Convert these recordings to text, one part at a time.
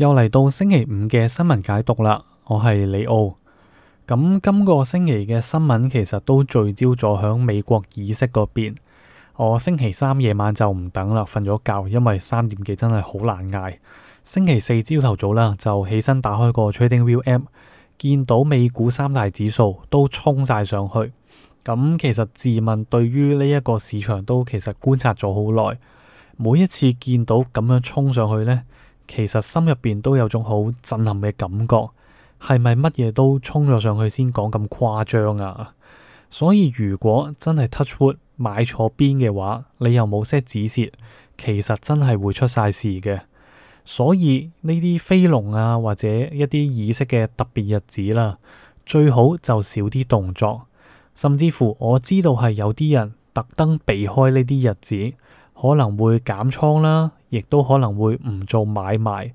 又嚟到星期五嘅新聞解讀啦，我係李奧。咁今個星期嘅新聞其實都聚焦咗響美國議息嗰邊。我星期三夜晚就唔等啦，瞓咗覺，因為三點幾真係好難挨。星期四朝頭早啦，就起身打開個 TradingView app，見到美股三大指數都衝晒上去。咁其實自問對於呢一個市場都其實觀察咗好耐，每一次見到咁樣衝上去呢。其實心入邊都有種好震撼嘅感覺，係咪乜嘢都衝咗上去先講咁誇張啊？所以如果真係 touch wood 買錯邊嘅話，你又冇 set 止蝕，其實真係會出晒事嘅。所以呢啲非農啊，或者一啲議息嘅特別日子啦，最好就少啲動作，甚至乎我知道係有啲人特登避開呢啲日子。可能會減倉啦，亦都可能會唔做買賣。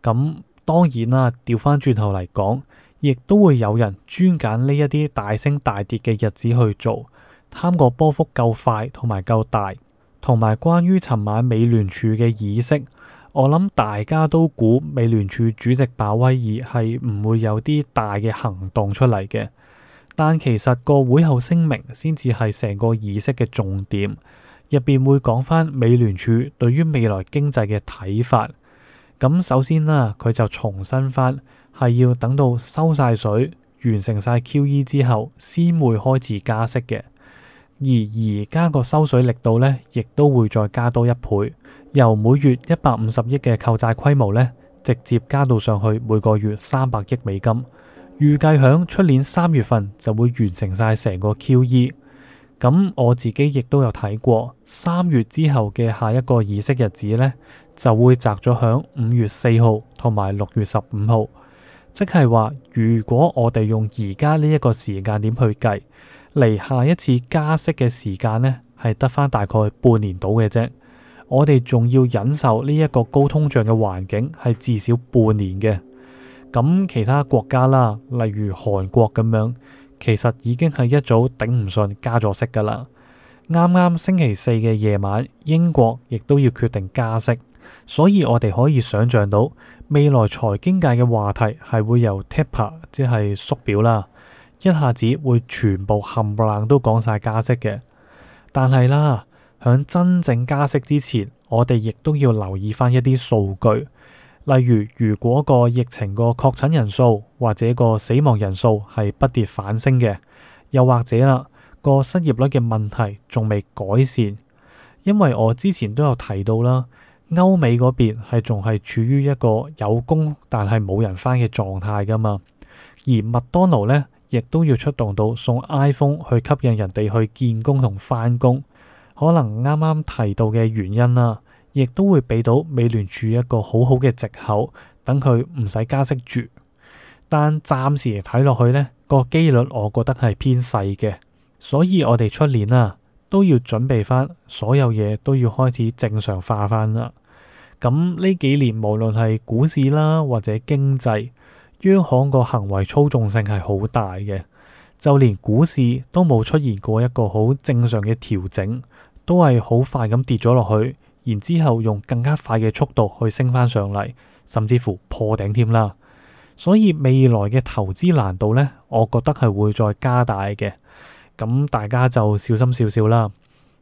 咁當然啦，調翻轉頭嚟講，亦都會有人專揀呢一啲大升大跌嘅日子去做，貪個波幅夠快同埋夠大。同埋關於尋晚美聯儲嘅議息，我諗大家都估美聯儲主席鮑威爾係唔會有啲大嘅行動出嚟嘅。但其實個會後聲明先至係成個議息嘅重點。入邊會講翻美聯儲對於未來經濟嘅睇法，咁首先啦，佢就重申翻係要等到收晒水、完成晒 QE 之後，先會開始加息嘅。而而家個收水力度呢，亦都會再加多一倍，由每月一百五十億嘅購債規模呢，直接加到上去每個月三百億美金，預計響出年三月份就會完成晒成個 QE。咁我自己亦都有睇過，三月之後嘅下一個議息日子呢，就會擲咗響五月四號同埋六月十五號，即係話如果我哋用而家呢一個時間點去計，嚟下一次加息嘅時間呢，係得返大概半年到嘅啫。我哋仲要忍受呢一個高通脹嘅環境，係至少半年嘅。咁其他國家啦，例如韓國咁樣。其實已經係一早頂唔順加咗息噶啦，啱啱星期四嘅夜晚，英國亦都要決定加息，所以我哋可以想象到未來財經界嘅話題係會由 taper 即係縮表啦，一下子會全部冚唪唥都講晒加息嘅。但係啦，響真正加息之前，我哋亦都要留意翻一啲數據。例如，如果個疫情個確診人數或者個死亡人數係不跌反升嘅，又或者啦，個失業率嘅問題仲未改善，因為我之前都有提到啦，歐美嗰邊係仲係處於一個有工但係冇人返嘅狀態㗎嘛，而麥當勞呢，亦都要出動到送 iPhone 去吸引人哋去見工同返工，可能啱啱提到嘅原因啦。亦都會俾到美聯儲一個好好嘅藉口，等佢唔使加息住。但暫時睇落去呢，呢個機率我覺得係偏細嘅，所以我哋出年啊都要準備翻，所有嘢都要開始正常化翻啦。咁呢幾年無論係股市啦，或者經濟，央行個行為操縱性係好大嘅，就連股市都冇出現過一個好正常嘅調整，都係好快咁跌咗落去。然之後用更加快嘅速度去升翻上嚟，甚至乎破頂添啦。所以未來嘅投資難度呢，我覺得係會再加大嘅。咁大家就小心少少啦，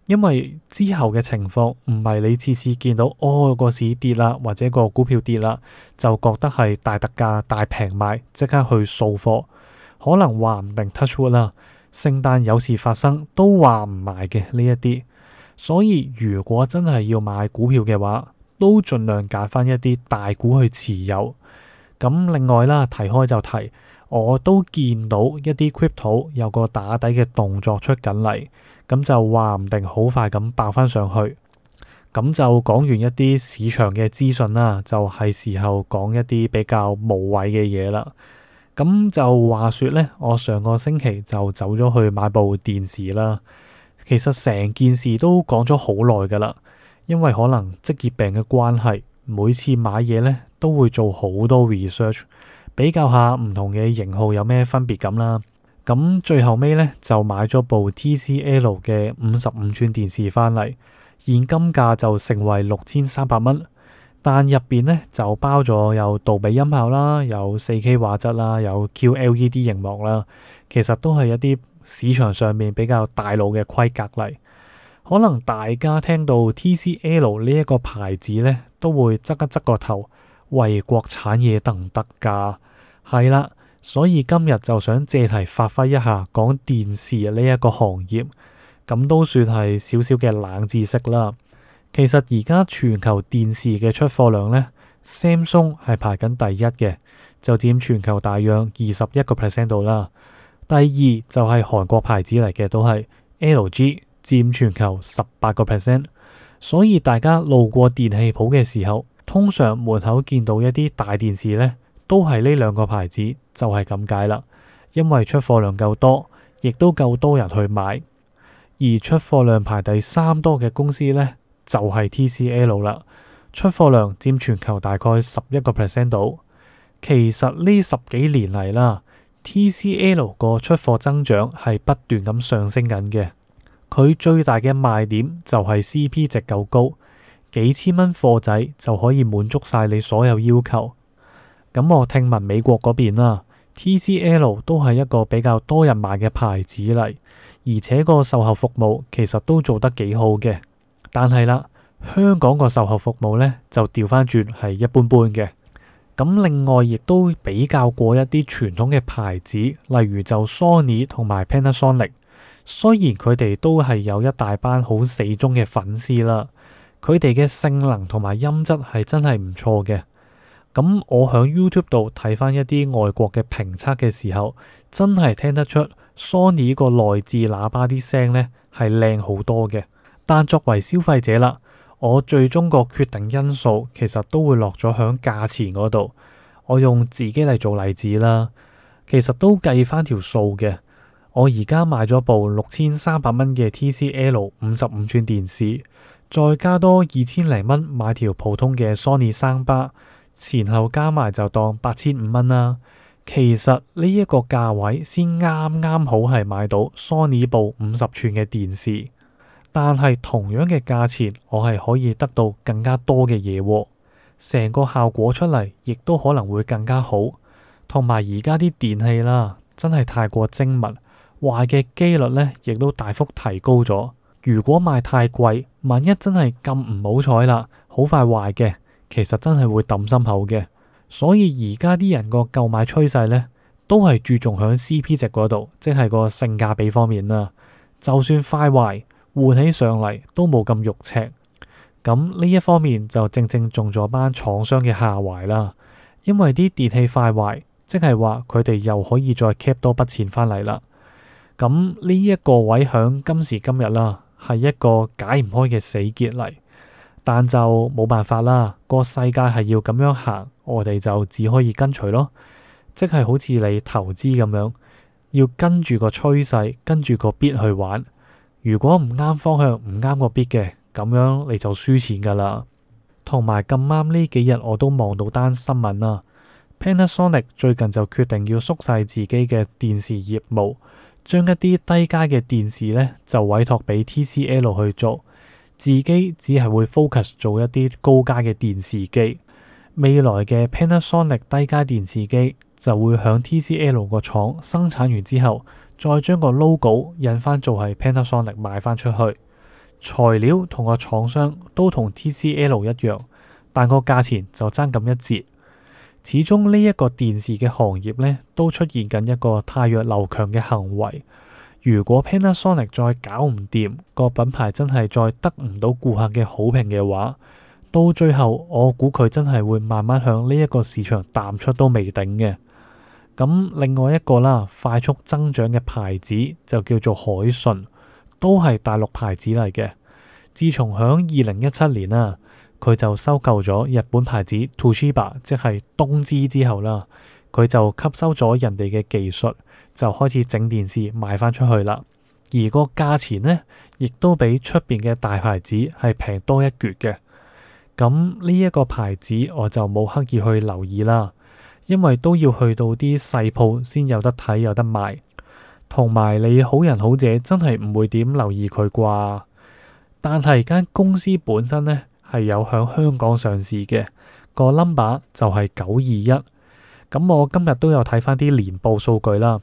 因為之後嘅情況唔係你次次見到哦個市跌啦，或者個股票跌啦，就覺得係大特價、大平賣，即刻去掃貨。可能話唔定 touch wood 啦，聖誕有事發生都話唔埋嘅呢一啲。所以如果真係要買股票嘅話，都盡量揀翻一啲大股去持有。咁另外啦，提開就提，我都見到一啲 crypto 有個打底嘅動作出緊嚟，咁就話唔定好快咁爆翻上去。咁就講完一啲市場嘅資訊啦，就係、是、時候就係時候講一啲比較無謂嘅嘢。啦。咁就話說呢，我上個星期就走咗去買部電視啦。其實成件事都講咗好耐噶啦，因為可能職業病嘅關係，每次買嘢呢都會做好多 research，比較下唔同嘅型號有咩分別咁啦。咁最後尾呢，就買咗部 TCL 嘅五十五寸電視翻嚟，現金價就成為六千三百蚊，但入邊呢就包咗有杜比音效啦，有四 K 畫質啦，有 QLED 熒幕啦，其實都係一啲。市場上面比較大路嘅規格，嚟，可能大家聽到 TCL 呢一個牌子呢都會側一側個頭，為國產嘢得唔得噶？係啦，所以今日就想借題發揮一下，講電視呢一個行業，咁都算係少少嘅冷知識啦。其實而家全球電視嘅出貨量呢，Samsung 係排緊第一嘅，就佔全球大約二十一個 percent 度啦。第二就係韓國牌子嚟嘅，都係 LG 佔全球十八個 percent，所以大家路過電器鋪嘅時候，通常門口見到一啲大電視呢，都係呢兩個牌子，就係咁解啦。因為出貨量夠多，亦都夠多人去買。而出貨量排第三多嘅公司呢，就係 TCL 啦，出貨量佔全球大概十一個 percent 度。其實呢十幾年嚟啦。TCL 個出貨增長係不斷咁上升緊嘅，佢最大嘅賣點就係 CP 值夠高，幾千蚊貨仔就可以滿足晒你所有要求。咁我聽聞美國嗰邊啦，TCL 都係一個比較多人買嘅牌子嚟，而且個售後服務其實都做得幾好嘅。但係啦，香港個售後服務呢，就掉翻轉係一般般嘅。咁另外，亦都比較過一啲傳統嘅牌子，例如就 Sony 同埋 Panasonic。雖然佢哋都係有一大班好死忠嘅粉絲啦，佢哋嘅性能同埋音質係真係唔錯嘅。咁我喺 YouTube 度睇返一啲外國嘅評測嘅時候，真係聽得出 Sony 呢個內置喇叭啲聲呢係靚好多嘅。但作為消費者啦。我最終個決定因素其實都會落咗喺價錢嗰度。我用自己嚟做例子啦，其實都計返條數嘅。我而家買咗部六千三百蚊嘅 TCL 五十五寸電視，再加多二千零蚊買條普通嘅 Sony Soundbar，前後加埋就當八千五蚊啦。其實呢一個價位先啱啱好係買到 Sony 部五十寸嘅電視。但係同樣嘅價錢，我係可以得到更加多嘅嘢、哦，成個效果出嚟亦都可能會更加好。同埋而家啲電器啦，真係太過精密，壞嘅機率呢亦都大幅提高咗。如果買太貴，萬一真係咁唔好彩啦，好快壞嘅，其實真係會抌心口嘅。所以而家啲人個購買趨勢呢，都係注重響 C P 值嗰度，即係個性價比方面啦。就算快壞，換起上嚟，都冇咁肉赤，咁呢一方面就正正中咗班廠商嘅下懷啦。因為啲電器快壞，即係話佢哋又可以再 keep 多筆錢返嚟啦。咁呢一個位響今時今日啦，係一個解唔開嘅死結嚟，但就冇辦法啦。個世界係要咁樣行，我哋就只可以跟隨咯，即係好似你投資咁樣，要跟住個趨勢，跟住個 bit 去玩。如果唔啱方向唔啱個 bit 嘅，咁樣你就輸錢噶啦。同埋咁啱呢幾日我都望到單新聞啦，Panasonic 最近就決定要縮細自己嘅電視業務，將一啲低階嘅電視呢就委託俾 TCL 去做，自己只係會 focus 做一啲高階嘅電視機。未來嘅 Panasonic 低階電視機就會響 TCL 個廠生產完之後。再將個 logo 印翻做係 Panasonic 賣翻出去，材料同個廠商都同 TCL 一樣，但個價錢就爭咁一折。始終呢一個電視嘅行業呢，都出現緊一個汰弱留強嘅行為。如果 Panasonic 再搞唔掂個品牌，真係再得唔到顧客嘅好評嘅話，到最後我估佢真係會慢慢向呢一個市場淡出都未定嘅。咁另外一個啦，快速增長嘅牌子就叫做海信，都係大陸牌子嚟嘅。自從響二零一七年啦、啊，佢就收購咗日本牌子 Toshiba，即係東芝之後啦，佢就吸收咗人哋嘅技術，就開始整電視賣翻出去啦。而個價錢呢，亦都比出邊嘅大牌子係平多一橛嘅。咁呢一個牌子我就冇刻意去留意啦。因為都要去到啲細鋪先有得睇有得賣，同埋你好人好姐真係唔會點留意佢啩。但係間公司本身呢，係有響香港上市嘅個 number 就係九二一。咁我今日都有睇翻啲年報數據啦。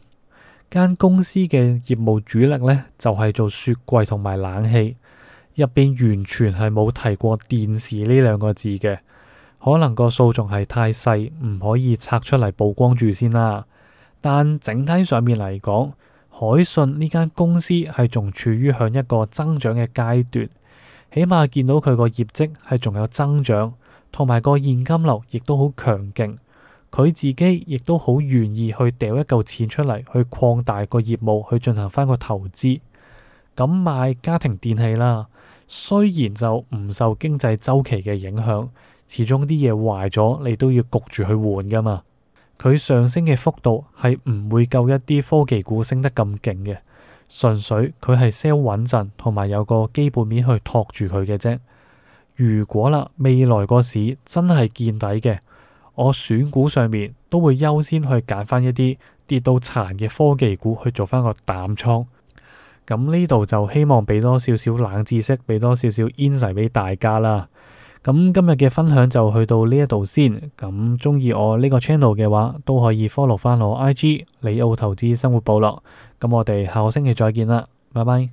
間公司嘅業務主力呢，就係做雪櫃同埋冷氣，入邊完全係冇提過電視呢兩個字嘅。可能個數仲係太細，唔可以拆出嚟，曝光住先啦。但整體上面嚟講，海信呢間公司係仲處於向一個增長嘅階段，起碼見到佢個業績係仲有增長，同埋個現金流亦都好強勁。佢自己亦都好願意去掉一嚿錢出嚟去擴大個業務，去進行翻個投資。咁賣家庭電器啦，雖然就唔受經濟周期嘅影響。始終啲嘢壞咗，你都要焗住去換噶嘛。佢上升嘅幅度係唔會夠一啲科技股升得咁勁嘅，純粹佢係 sell 穩陣，同埋有個基本面去托住佢嘅啫。如果啦，未來個市真係見底嘅，我選股上面都會優先去揀翻一啲跌到殘嘅科技股去做翻個膽倉。咁呢度就希望俾多少少冷知識，俾多少少 insight 俾大家啦。咁今日嘅分享就去到呢一度先。咁鍾意我呢個 channel 嘅話，都可以 follow 翻我 IG 李奧投資生活部落。咁我哋下個星期再見啦，拜拜。